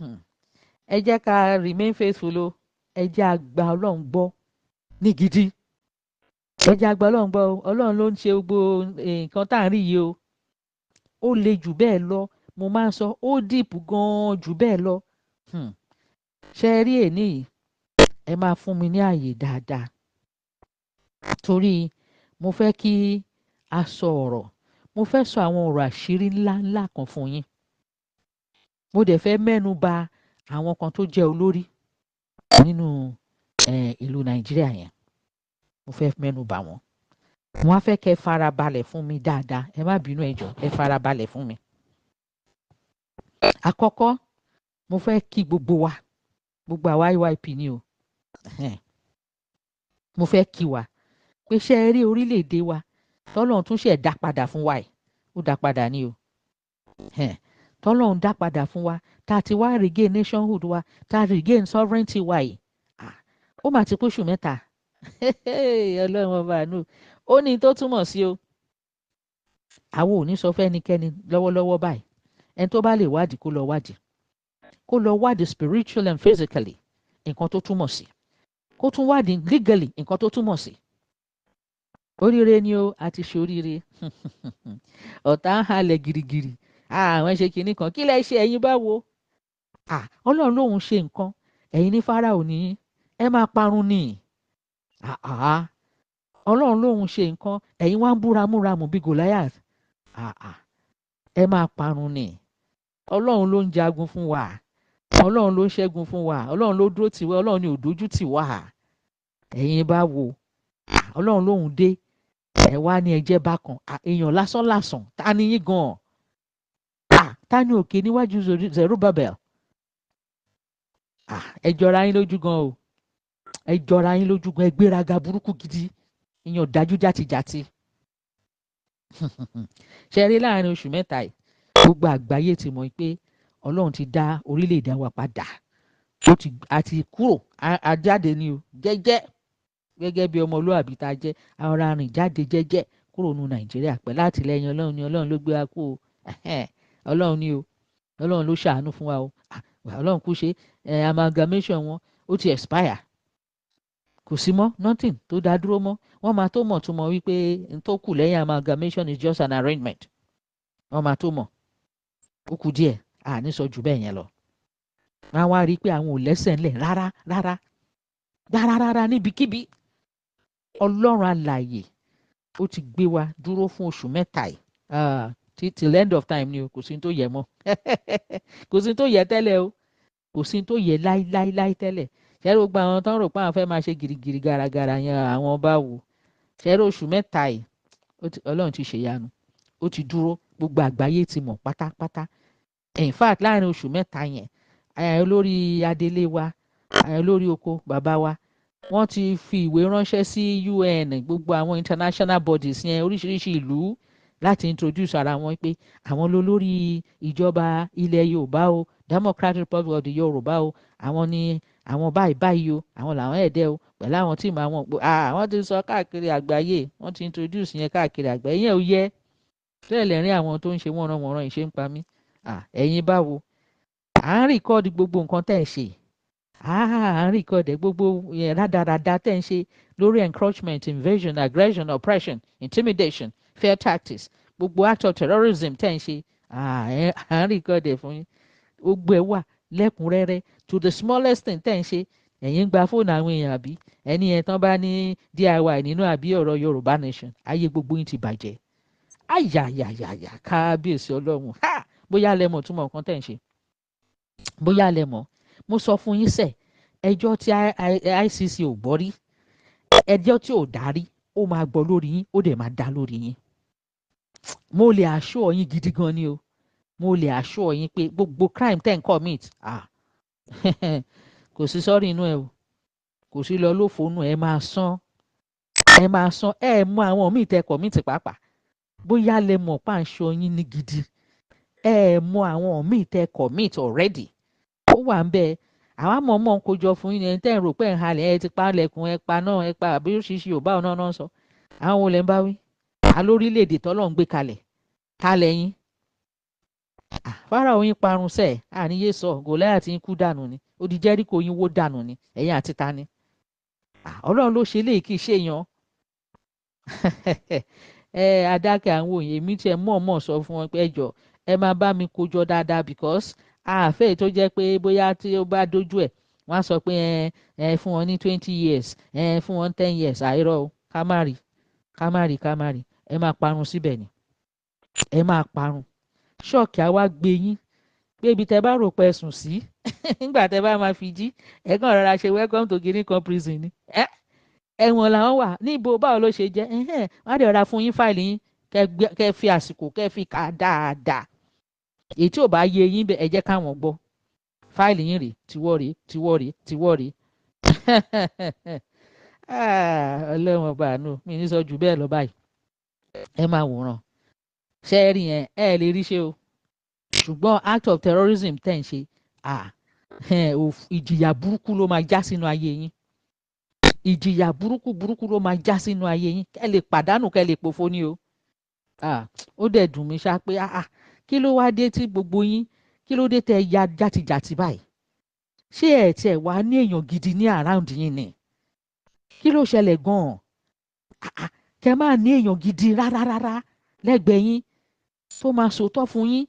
um ẹ jẹ́ ká remain faithful o ẹ jẹ́ àgbà ọlọ́run gbọ́ ní gidi ẹ jẹ́ àgbà ọlọ́run gbọ́ o ọlọ́run ló ń ṣe gbogbo eh, nǹkan tá à ń rí yìí o ó le jù bẹ́ẹ̀ lọ mo máa ń sọ ó dìpù gan-an jù bẹ́ẹ̀ lọ hmm. ṣe rí èní yìí ẹ máa fún mi ní àyè dáadáa torí mo fẹ́ kí a sọ ọ̀rọ̀ mo fẹ́ sọ àwọn ọ̀rọ̀ àṣírí ńláńlá kan fún yín mo dẹ̀ fẹ́ mẹ́nu ba àwọn kan tó jẹ́ olórí nínú ìlú nàìjíríà yẹn mo fẹ́ mẹ́nu bà wọ́n mo wá fẹ́ kẹ́ ẹ farabalẹ̀ fún mi dáadáa ẹ má bínú ẹ jọ̀ọ́ ẹ farabalẹ̀ fún mi. àkọ́kọ́ mo fẹ́ kí gbogbo wa gbogbo àwa YYP ni o mo fẹ́ kí wa pé ṣe eré orílẹ̀-èdè wa tọ́lọ́run tún ṣe dá padà fún wa ẹ̀ ó dá padà ni o tọ́lọ́run dá padà fún wa tá a ti wá regain nationhood wa tá a regain sovereignty wa yìí ó mà ti kóṣù mẹ́ta ọlọ́run ọba àánú ó ní tó túmọ̀ sí o àwọn ò ní sọ fẹ́nikẹ́ni lọ́wọ́lọ́wọ́ báyìí ẹni tó bá lè wádìí kó lọ wádìí kó lọ wádìí spiritually and physically nǹkan tó túmọ̀ sí kó tún wádìí legally nǹkan tó túmọ̀ sí oríire ni o àti ṣoríire ọ̀tá ń halẹ̀ girigiri àwọn ṣe kinní kan kí lẹ ṣe ẹ̀yin báwo ọlọ́run lòun ṣe nǹkan ẹ̀yin ní Fáráò ní ẹ máa parun ni ọlọ́run lòun ṣe nǹkan ẹ̀yin wá ń búra múra mú bí Goliath ẹ máa parun ni ọlọ́run ló ń jagun fún wa ọlọ́run ló ń ṣẹ́gun fún wa ọlọ́run ló dúró tì wá ọlọ́run ni ò dójú tì wá ẹ̀yin bá wo ọlọ́run lòun dé ẹ wá ní ẹjẹ́ bákan èèyàn lásán lásán ta ni yín gan-an ta ni òkè níwájú Zerubbabel ah, ẹ jọra yín lójú gan o ẹ jọra yín lójú gan ẹ gbéraga burúkú gidi ìyàn dájú játijàti ṣe rí láàrin oṣù mẹ́ta yìí gbogbo àgbáyé ti mọ̀ pé Ọlọ́run ti dá orílẹ̀-èdè wa padà ó ti àti kúrò àjáde ni o jẹ́jẹ́ gẹ́gẹ́ bí ọmọlúwàbí tá a jẹ́ ara rìn jáde jẹ́jẹ́ kúrò nu Nàìjíríà pẹ̀lú àtìlẹ́yìn Ọlọ́run ni Ọlọ́run ló gbé wa kú o ọlọ́run ni o ọlọ́run ló ṣàánú fún wa o ah, ọlọ́run kú ṣe amalgamation wọn ó ti expire kò sí mọ́ nothing tó dá dúró mọ́ wọ́n máa tó mọ̀ tó mọ̀ wípé n tó kù lẹ́yìn amalgamation is just an arrangement wọ́n máa tó mọ̀ ó kù díẹ̀ àní sọ jù bẹ́ẹ̀ yẹn lọ wọ́n á wá rí i pé àwọn ò lẹ́sẹ̀ ńlẹ̀ rárá rárá rárá rárá níbikíbi ọlọ́run alààyè ó ti gbé wa dúró fún oṣù mẹ́ta yìí ah. till end of time ni o kò sí tó yẹ mọ́ kò sí tó yẹ tẹ́lẹ̀ o kò sí tó yẹ láíláíláí tẹ́lẹ̀ ṣẹ́rú gba àwọn tó ń rò pé àwọn fẹ́ máa ṣe gìrìgìrì gàràgàrà yẹn àwọn ọba wò ṣẹ́rú oṣù mẹ́ta yìí ọlọ́run ti ṣèyanu ó ti dúró gbogbo àgbáyé ti mọ̀ pátápátá in fact láàrin oṣù mẹ́ta yẹn olórí adelé wa olórí oko bàbá wa wọ́n ti fi ìwé ránṣẹ́ sí UN gbogbo àwọn international bodies yẹn oríṣiríṣi ìlú láti introduce ara wọn pé àwọn lólórí ìjọba ilẹ̀ yorùbá o democratic republic of the yorùbá o àwọn ni àwọn báyìí báyìí o àwọn làwọn ẹ̀dẹ́ o pẹ̀lú àwọn tíìmù àwọn òpó àwọn ti sọ káàkiri àgbáyé wọ́n ti introduce yẹn káàkiri àgbáyé yẹn ò yẹ tẹ́lẹ̀ lẹ́rìn àwọn tó ń ṣe wọ́n ran wọ́n ran ìṣe ń pa mí ẹ̀yin báwo à ń rìkọ́ọ̀dì gbogbo nǹkan tẹ̀ ń ṣe à ń rìkọ́ọ̀dì gbogbo rádaràda tẹ̀ ń ṣe lórí encroachment invasion aggression oppression intimidation fair tactics gbogbo act of terrorism tẹ̀ ń ṣe à ń rìkọ́dẹ̀ fún yín gbogbo ẹ̀ wà lẹ́kùnrẹ́rẹ́ to the smallest thing tẹ̀ ń ṣe ẹ̀yin gba fóònù àwọn èèyàn àbí ẹni ẹ̀ tán bá ní diy nínú àbí ọ̀rọ̀ yorùbá nation ayé gbogbo yín ti bàjẹ́ àyàyàyàyà kábíyèsí ọlọ́run ha bóyá lẹ́mọ̀ túmọ̀ nǹkan tẹ̀ ń ṣe bóyá lẹ́mọ̀ mo sọ fún yín sẹ̀ ẹjọ́ tí ICC ò gbọ́ rí ẹjọ́ tí ò dárí ó máa gbọ́ lórí yín ó dẹ̀ máa dá lórí yín mo lè àṣọ yín gidi gan ni o mo lè àṣọ yín pé gbogbo crime ten commit ah kò sí sọ́rí inú ẹ̀ o kò sí lọ lófo inú ẹ̀ máa san ẹ máa san ẹ mọ àwọn míì tẹ commit pàápàá bóyá lè mọ̀ páǹṣọ yín ní gidi ẹ mọ àwọn míì tẹ commit already ó wà ń bẹ́ẹ̀ àwa mọ̀ mọ̀ kó jọ fún yín ẹni tẹ́ ń rò pé ń halẹ̀ ẹ ti pa lẹ̀kùn ẹ pa náà ẹ pa àbí oríṣiríṣi ò bá ọ̀nà náà sọ àwọn olè ń bá wí ta lórílẹ̀‐èdè tọ́lọ́run gbé kalẹ̀ ta lẹ́yìn fáráò yín parun sẹ́ẹ̀ àníyé sọ gòláyàtì yín kú dànù ni odi jẹ́ríkò yín wó dànù ni ẹ̀yin àti ta ni ọlọ́run ló ṣe léèkì ṣèyàn ẹ adákẹ́ àwọn òye mi tiẹ̀ mọ̀ọ́mọ̀ sọ fún wọn pé ẹ máa bá mi kójọ dáadáa because àáfẹ́ tó jẹ́ pé bóyá tí ó bá dojú ẹ̀ wọ́n á sọ pé ẹ fún wọn ní twenty years ẹ fún wọn ten years àìrọ̀ o ká má ẹ máa parun síbẹ̀ ni ẹ máa parun ṣọ́ọ̀kì á wá gbé yín pé ibi tẹ bá rò pé sùn sí nígbà tẹ bá máa fi jí ẹ kàn ṣe welcome to guinea kan prison ni ẹ̀wọ̀n làwọn wà níbo báwo ló ṣe jẹ́ wọ́n á dẹ̀ rọra fún yín fáìlì yín kẹ́ fi àsìkò kẹ́ fi kà dáadáa èyí tí ò bá yé yín bẹ́ẹ̀ ẹ jẹ́ káwọn gbọ́ fáìlì yín rèé tiwọ́ rèé tiwọ́ rèé tiwọ́ rèé ah, ọlọ́wọ́n bàánú mi ní sọ jù bẹ́ẹ̀ lọ báyìí ẹ máa wòran ṣe ẹ rí yẹn ẹ lè rí ṣe o ṣùgbọ́n act of terrorism tẹ̀ ń ṣe ìjìyà burúkú ló máa já sínú ayé yín ìjìyà burúkú burúkú ló máa já sínú ayé yín kẹ́ lè pàdánù kẹ́ lè pòfo ni o ó dẹ̀ dùn mí ṣá pé kí ló wáá dé tí gbogbo yín kí ló dé tẹ́ ya játijàti báyìí ṣé ẹ tiẹ̀ wá ní èèyàn gidi ní àráùndì yín ni kí ló ṣẹlẹ̀ gan-an kẹ́ máa ní èèyàn gidi rárárárá lẹ́gbẹ̀ẹ́ yín tó máa sòótọ́ fún yín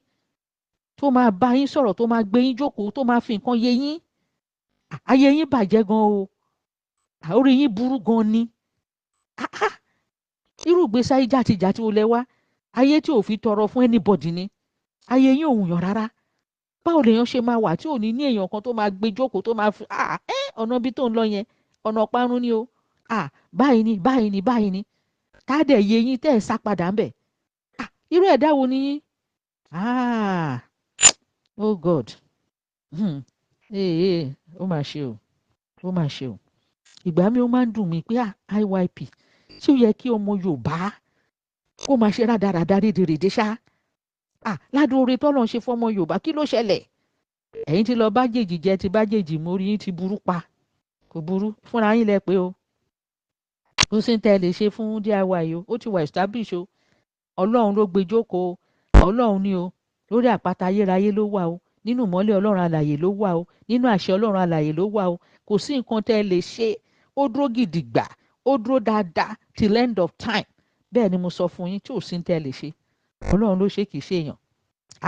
tó máa bá yín sọ̀rọ̀ tó máa gbé yín jókòó tó máa fi nǹkan yé yín ayé yín bàjẹ́ gan o orí yín burú gan ni irú ìgbésí ayé jàtijàti olè wá ayé tí ò fi tọrọ fún anybody ni ayé yín òun yàn rárá báwo lèèyàn ṣe máa wà tí ò ní ní èèyàn kan tó máa gbé jókòó tó máa fi ah, eh, ọ̀nà ibi tó ń lọ yẹn ọ̀nà parun ni o ah, báyìí ni báyìí ni báyìí ni tá a dẹ̀ yé yín tẹ́ ẹ̀ sá padà ń bẹ̀ irú ẹ̀dá wo ni yín ah oh god hmm. hey, hey. ó mà ṣe o ó mà ṣe o ìgbà mi ó máa ń dùn mí pé IYP tí ó yẹ kí ọmọ Yorùbá kó máa ṣe rádaràda rédèrèdè ṣá ah ládùúrè tọ́lọ̀ ń ṣe fọmọ Yorùbá kí ló ṣẹlẹ̀ ẹ̀yin ti lọ bájèjì jẹ ti bájèjì mórí yín ti burú pa kò burú fúnra yín lẹ pé o kò sí ní tẹ́ lè ṣe fún DIY o ó ti wà establish o ọlọ́run ló gbé jókòó ọlọ́run ni o lórí àpáta ayérayé ló wà o nínú ìmọ́lẹ̀ ọlọ́run alàyè ló wà o nínú àṣẹ ọlọ́run alàyè ló wà o kò sí nǹkan tẹ́ lè ṣe ó dúró gidigba ó dúró dáadáa till end of time bẹ́ẹ̀ ni mo sọ fún yín tí ò sí ní tẹ́ lè ṣe ọlọ́run ló ṣe kìí ṣe èèyàn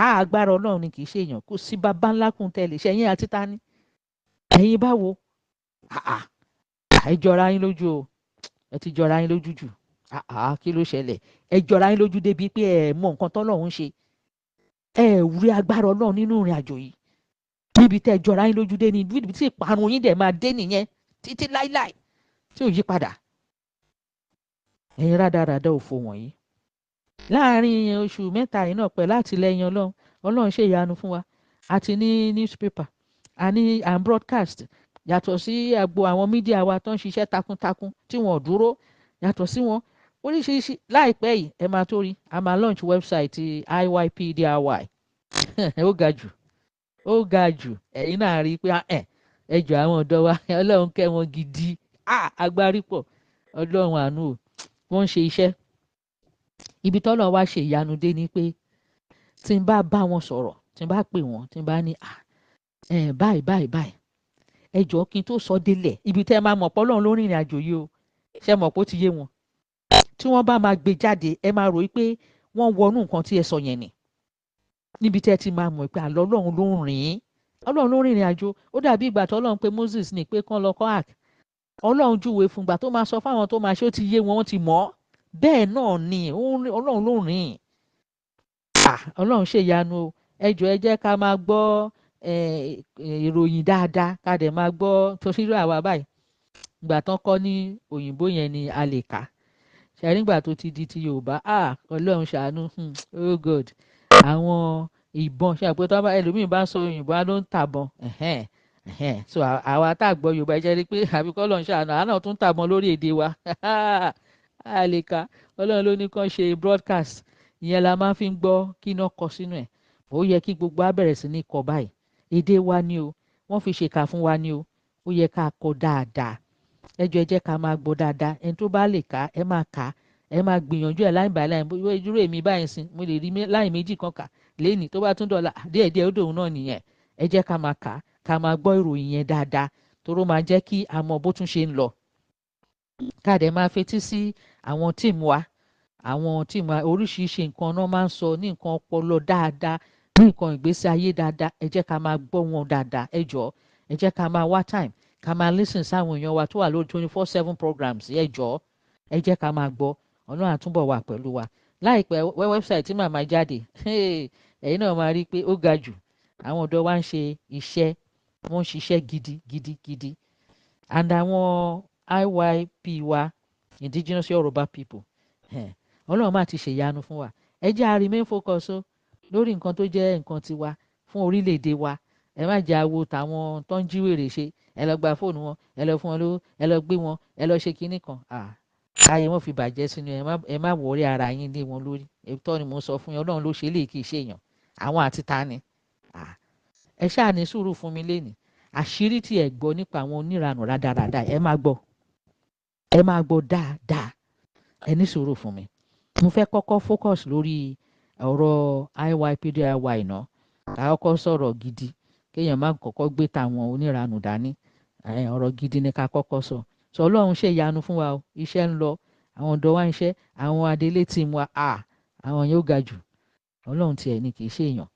á ọlọ́run ni kìí ṣe èèyàn kò sí bàbá ńlá kùn tẹ́ lè ṣe ẹ̀yin àti tani ẹ̀yin báwo àìjọra yín lójú o ẹ ti jọra yín lójú jù àá kí ló ṣẹlẹ̀ ẹ jọra yín lójú débi pé ẹ mọ nǹkan tọ́lọ́run ṣe ẹ rí agbára Ọlọ́run nínú ìrìn àjò yìí níbi tẹ́ ẹ jọra yín lójú dé ni níbi tí ìparun yín dẹ̀ máa dé nìyẹn títí láíláí tí ò yí padà ẹ̀yin rádaràda òfò wọ̀nyí láàárín oṣù mẹ́ta yìí náà pẹ̀lú àtìlẹ́yìn Ọlọ́run Ọlọ́run ṣe ìyanu fún wa àti ní newspaper àní à broadcast yàtọ̀ sí àgbo àwọn mídíà wa tó ń ṣiṣẹ́ takuntakun tí wọ́n dúró yàtọ̀ sí wọn oríṣiríṣi láìpẹ́ yìí ẹ máa tó a máa launch website IYPDIY ó ga jù ó ga jù ẹ̀yin náà rí i pé ah, ẹ̀ ẹ jọ àwọn ọ̀dọ́ wa ọlọ́run kẹ́ wọn gidi ah, agbárí pọ̀ ọlọ́run àánú o wọ́n ń ṣe iṣẹ́ ibi tọ́lọ̀ wá ṣe ìyanu dé ni pé tí n bá bá wọn sọ̀rọ̀ tí n bá pè wọ́n tí n bá ní ah, báyìí báyìí báyìí ẹ jọ̀ọ́ kí n tó sọ délẹ̀ ibi tẹ́ ẹ máa mọ̀ pé ọlọ́run ló rìnrìn àjò yìí o ṣe mọ̀ pé ó ti yé wọn tí wọ́n bá máa gbé jáde ẹ máa ròó pé wọ́n wọnú nǹkan tí ẹ sọ yẹn ni níbi tẹ́ ẹ ti máa mọ̀ pé àlọ́ ọlọ́run ló ń rìn ọlọ́run ló ń rìnrìn àjò ó dàbí ìgbà tó ọlọ́run pé Moses ní pé kán lọ kọ́ àk ọlọ́run júwe fúngbà tó máa sọ fáwọn tó máa ṣe ó ti yé wọn ti mọ̀ bẹ́ẹ̀ náà ni ọlọ́run ló ń rìn ọlọ́run ṣèyanu o ẹ jọ̀ọ́ ẹ jẹ́ ká máa gbọ́ ìròyìn dáadáa ká dẹ̀ máa gbọ́ torí àwa báyìí ìgbà tán kọ́ ní òyìnbó yẹn ni a lè kà ṣàrí nígbà tó ti di ti yorùbá ah ọlọ́run ṣàánú hmm, oh god àwọn ìbọn ṣe àpótọ́ ẹlòmíín bá ń sọ òyìnbó ló ń tàbọn so àwa tá a gbọ́ yorùbá jẹ́ rí pé àbí kọ́ ọlọ́run ṣàánú àánà tún tàbọn lórí èdè wa a lè kà ọlọ́run ló ní kàn ṣe broadcast ìyẹn la máa fi ń gbọ́ kí iná kọ sínú ẹ̀ ó yẹ kí gbogbo á bẹ̀rẹ̀ sí ní kọ báyìí èdè wa ni o wọ́n fi ṣèkà fún wa ni o ó yẹ ká kọ dáadáa ẹ jọ̀ọ́ ẹ jẹ́ ká máa gbọ́ dáadáa ẹni tó bá lè kà ẹ máa kà ẹ máa gbìyànjú ẹ láì bá láì bóyá ìdúró èmi báyìí sìn mo lè rí láì méjì kan kà lẹ́ni tó bá tún dọ̀la díẹ̀díẹ̀ ó dòun náà nìyẹn ẹ jẹ́ ká máa kà ká máa gbọ́ ìròyìn yẹn dáadáa toró máa jẹ́ kí a mọ bó tún ṣe ń lọ káàdẹ máa fetí sí àwọn tíìmù wa àwọn tíìmù wa oríṣiríṣi nǹkan náà máa ń sọ ní nǹkan ọpọlọ dáadáa ní nǹkan ìgbésí ayé dáadáa ẹ jẹ́ ká máa gbọ́ wọn dáadáa ẹ jọ ẹ jẹ́ ká máa wá time ká máa listen sáwọn èèyàn wa tó wà lórí twenty four seven programs ẹ jọ ẹ jẹ́ ká máa gbọ́ ọlọ́run àtúbọ̀ wà pẹ̀lú wa láìpẹ́ wẹ́bsáìtì tí màmá jáde ẹ̀yin náà máa rí i pé ó ga jù àwọn ọ̀dọ́ wa ń ṣe iṣẹ́ wọ́n ń ṣiṣẹ́ gidi gidi gidi and àwọn IYP wa indigenous Yoruba people ọlọ́run máa ti ṣèyanu fún wa ẹ jẹ́ a remain focus o. So lórí nǹkan tó jẹ́ nǹkan tiwa fún orílẹ̀-èdè wa ẹ má jẹ́ àwo tàwọn tó ń jíwèrè ṣe ẹ lọ gba fóònù wọn ẹ lọ fún wọn lówó ẹ lọ gbé wọn ẹ lọ ṣe kinní kan káyé wọn fi bàjẹ́ sínú ẹ má wọrí ara yín lé wọn lórí ètò ni mo sọ fún yín ọlọ́run ló ṣe lè kí i ṣèyàn àwọn àti ta ni ẹ ṣáà ní sùúrù fún mi lénìí àṣírí tí ẹ gbọ́ nípa àwọn oníranù rádaràda ẹ má gbọ́ ẹ má gbọ́ dáadáa ẹ ní sùúrù fún mi mo fẹ́ kọ́kọ́ focus lórí ọ̀rọ̀ IYPD IY náà ká kọ́kọ́ sọ̀rọ̀ gidi kéèyàn má kọ́kọ́ gbé tàwọn oníranù dání ọ̀rọ̀ gidi ni ká kọ́kọ́ sọ sọ ọlọ́run ṣe ìyanu fún wa o iṣẹ́ ń lọ àwọn ọ̀dọ́ wa ń àwọn adelé ti wa à àwọn yóò ga jù ọlọ́run tiẹ̀ ni kì í ṣèyàn